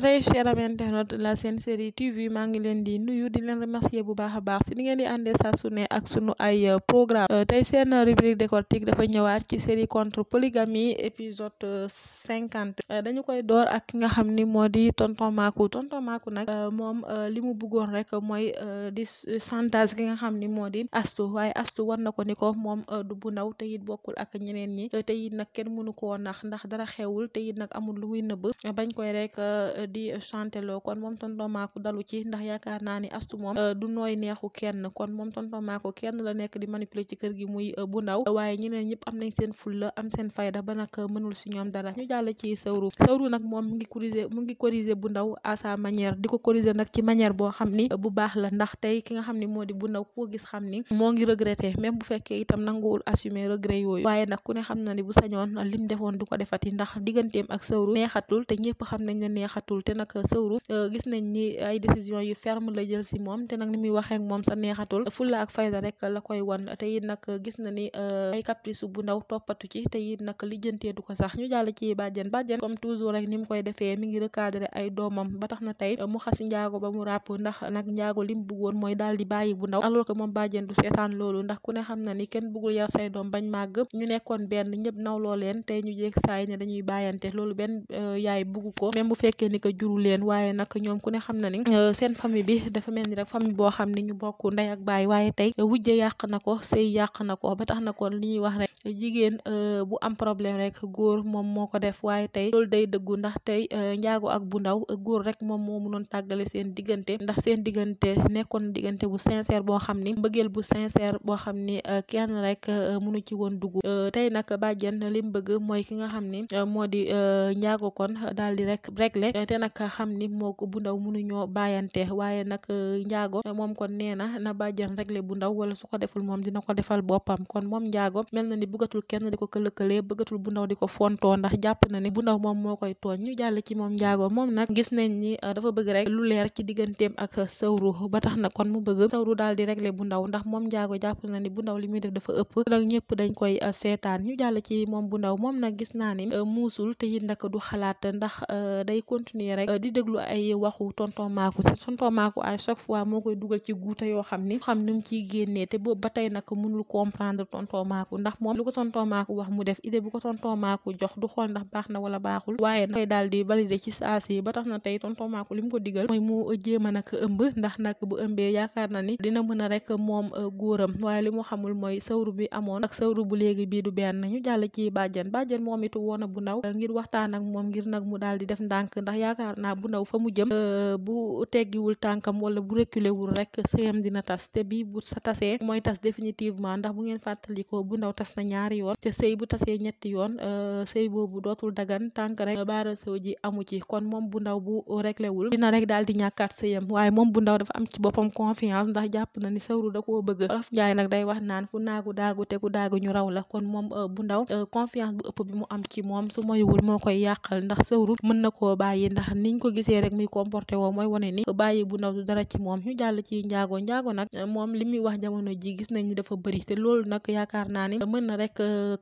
très cher ami internaute la Sen Série TV maa ngi leen di nuyu di leen remercier bu baax a baax si ni ngeen di àndee saa ne ak sunu ay euh, programme euh, tey seen rubrique décortique dafa ñëwaat ci série contre polygamie épisode euh, cinquante dañu koy door ak ki nga xam ni moo di tonton Makou tonton Makou nag moom li mu bëggoon rek mooy di chantage ki nga xam ni moo di Astu waaye Astu war na ko ni ko moom du bu ndaw te it bokkul ak ñeneen ñi te it nag kenn mënu koo nax ndax dara xewul nag amul di chanteloo kon moom tonton Maako dalu ci ndax yaakaar naa ni astu moom euh, du nooy neexu kenn kon moom tonton Maako kenn la nekk di manipuler ci kër gi muy euh, bu ndaw waaye ñeneen ñëpp am nañ seen fulla am ba nag euh, mënul si ñoom ñu jàll ci sawru sawru nag moom mu ngi corriger mu ngi corriger bu ndaw sa manière di ko corriger nag ci manière boo xam ni bu baax la ndax tey ki nga xam ni moo di bu ndaw koo gis xam ni moo ngi regretter même bu fekkee itam nanguwul assumer regret yooyu waaye nag ku ne xam na ni bu sañoon lim defoon du ko defati ndax digganteem ak sawru neexatul te ñëpp xam ne neexatul sëwrul sëwru euh, gis nañ ni ay décision yu ferme la jël si moom te nag ni muy waxee ak moom sa neexatul fulla ak fayda rek la koy wan te it nag gis na ni euh, ay caprice bu ndaw toppatu ci te it nag lijjantee du ko sax ñu jàll ci ba bàjjen comme toujours rek ni mu koy defee mi ngi recadré ay doomam ba tax na tey mu xas njaago ba mu ràpp ndax nag njaago li mu bëggoon mooy daal di bàyyi bu ndaw alors que moom bàjjen du seetaan loolu ndax ku ne xam na ni kenn bëggul yar say doom bañ màgg ñu nekkoon benn ñëpp nawloo leen tey ñu jéeg saay ne dañuy bàyyante loolu benn euh, yaay bugg ko te juru leen waaye nag ñoom ku xam na ni euh, seen famille bi dafa mel ni rek famille boo xam ne ñu bokk ndey ak baay waaye tey wujje yàq na ko sëy yàq na ko ba tax na kon li ñuy wax rek jigéen euh, bu am problème rek góor moom moo ko def waaye tey loolu day dëggu ndax tey euh, njaago ak bu ndaw góor rek moom moo mënoon tàggale seen diggante ndax seen diggante nekkoon diggante bu sincère boo xam ni mbëggeel bu sincère boo xam ni kenn rek mënu ci woon dugg tey nag bàjjen li mu bëgg mooy ki nga xam ni moo di njaago kon donte nag xam ni mook bu ndaw mënuñoo bàyyante waaye nag eh, njaago moom kon nee na na rek le bu ndaw wala su ko deful moom dina ko defal boppam kon moom njaago mel na ni bëggatul kenn di ko këlëkale bëggatul bu ndaw di ko fontoo ndax jàpp na ni bu ndaw moom moo koy tooñ ñu jàll ci moom njaago moom nag gis nañ ni eh, dafa bëgg rek lu leer ci digganteem ak sawru ba tax na kon mu bëgg sawru daal di réglé bu ndaw ndax moom njaago jàpp na ni bu ndaw li muy dafa ëpp nag ñëpp dañ koy eh, seetaan ñu jàll ci moom bu ndaw moom nag gis naa ni muusul te it du xalaat ndax nii rek di déglu ay waxu tonton Maako si tonton Maako à chaque fois moo koy dugal ci guuta yoo xam ni xam ni mu ciy te boobu ba tey nag mënul comprendre tonton Maako ndax moom lu tonton Maako wax ko tonton na wala baaxul waaye nag daal di li mu ko digal mooy mu a nag ëmb ndax nag bu ëmbee yaakaar na ni dina mën a rek moom euh, góoram waaye li mu xamul mooy sawru bi amoon ak sawru bu léegi bii du benn ñu jàll ci bàjjan bàjjan moom it woon bu ndaw ngir waxtaan ak moom ngir nag mu daal di def ndànk ndax yaakaar naa bu ndaw fa mu jëm euh, bu teggiwul tànkam wala bu reculer wul rek sëyam dina tas te bi bu sa tasee mooy tas définitivement ndax bu ngeen fàttalikoo bu ndaw tas na ñaari yoon te sëy bu tasee ñetti yoon euh, sëy boobu dootul dagan tànk rek euh, baara sëw ji amu ci kon moom bu ndaw bu réglé wul dina rek daal di ñàkkaat sëyam waaye moom bu ndaw dafa am ci boppam confiance ndax jàpp na ni sawru da koo bëgg raf njaay nag day wax naan fu naagu daagu te ku ñu raw la kon moom bu ndaw confiance mu am ci moom su ndax niñ ko gisee rek muy comporté woo mooy wane ni bàyyi bu ndaw du dara ci moom ñu jàll ci njaago njaago nag moom li muy wax jamono ji gis nañ te loolu na rek euh,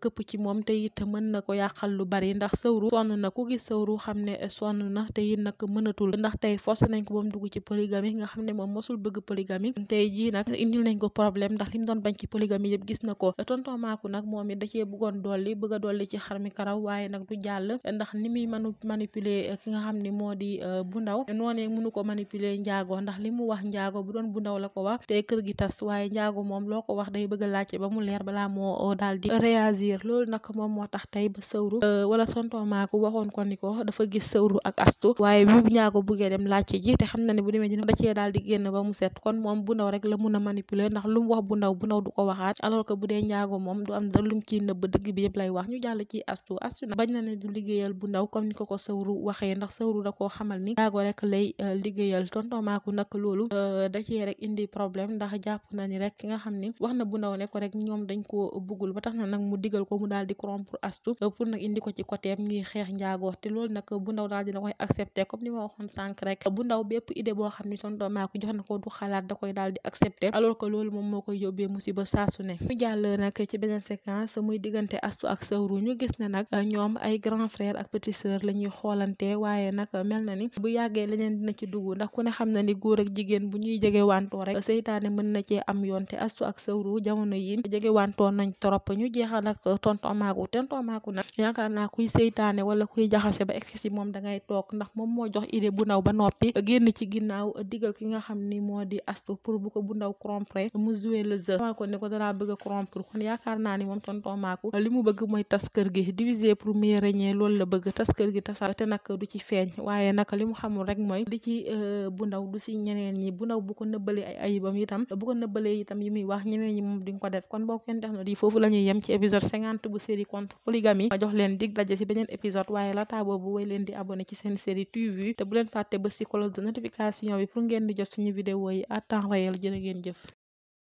ko yàqal lu bari ndax sëwru sonn na ku gis sëwru xam ne sonn na te it nag mënatul ndax tey forcé nañ ko ba dugg ci polygamie nga xam ne moom mosul bëgg polygamie tey jii nag indil nañ ko problème ndax li doon bañ ci polygamie yëpp gis na ko tonton Maku nag moom it da cee bëggoon dolli ci xar mi karaw waaye nag du jàll ndax ni muy manu manipuler ki nga xam ni moo di euh, bu ndaw noonee mënu ko manipuler njaago ndax li wax njaago bu doon la ko wax te kër gi tas waaye njaago moom loo wax day bëgg a laajte ba mu leer balaa moo euh, daal di réagir loolu moom moo tax tey ba sëwru euh, wala tonton Maako waxoon ko ni ko dafa gis sëwru ak astu waaye bu njaago buggee dem laajte te xam na ne bu demee dina da cee daal di génn mu set kon moom bu ndaw rek a manipuler ndax lu mu wax bu ndaw bu ndaw du ko waxaat alors que bu dee njaago moom du am da lu mu ciy nëbb dëgg bi yëpp lay wax ñu jàll ci astu astu na bañ na ne du liggéeyal bu ndaw comme ko ko sëwru ndax sëwru Marou da koo xamal ni Daago rek lay euh, liggéeyal nag loolu euh, da cee rek indi problème ndax jàpp na ni rek ki nga xam ni wax na bu ndaw ne ko rek ñoom mu digal ko mu daal di corrompre euh, ko ci bu ndaw daal dina koy accepté comme li ma waxoon sànq rek bu ndaw bépp idée boo ni tonton Makou ko da koy daal di accepté alors que loolu moom moo koy yóbbee musiba saa ci beneen séquence muy diggante astu ak sawru ñu gis ne nag ñoom ay grand ak petite sœur la ñuy xoolante nag mel na ni bu yàggee leneen dina ci dugg ndax ku ne xam na ni góor ak jigéen bu ñuy jege wantoo rek seytaane mën na cee am yoon te astu ak sawru jamono yi jege wantoo nañ trop ñu jeexal nag tonton maaku tonton maaku nag yaakaar naa kuy seytaane wala kuy jaxase ba egsi si moom dangay toog ndax moom moo jox idée bu ndaw ba noppi génn ci ginnaaw digal ki nga xam ni moo di astu pour bu ko bu ndaw rompre mu jouer le jeu ko ne ko danaa bëgg a corrompre kon yaakaar naa ni moom tonton maaku a mu bëgg mooy tas gi diviser pour mieux régner la bëgg tas gi tasa te nag du ci feeñ bañ waaye naka li mu xamul rek mooy di ci euh, bu ndaw du si ñeneen ñi bu ndaw bu ko nëbbalee ay ayibam itam bu ko nëbbalee itam yi muy wax ñeneen ñi moom duñ ko def kon boo ken def na di foofu la yem ci épisode cinquante bu série contre polygamie ma jox leen dig daje si beneen épisode waaye laata boobu way leen di abonné ci seen série TV te bu leen fàtte ba si de notification bi pour ngeen di jot suñu vidéo yi à temps jëf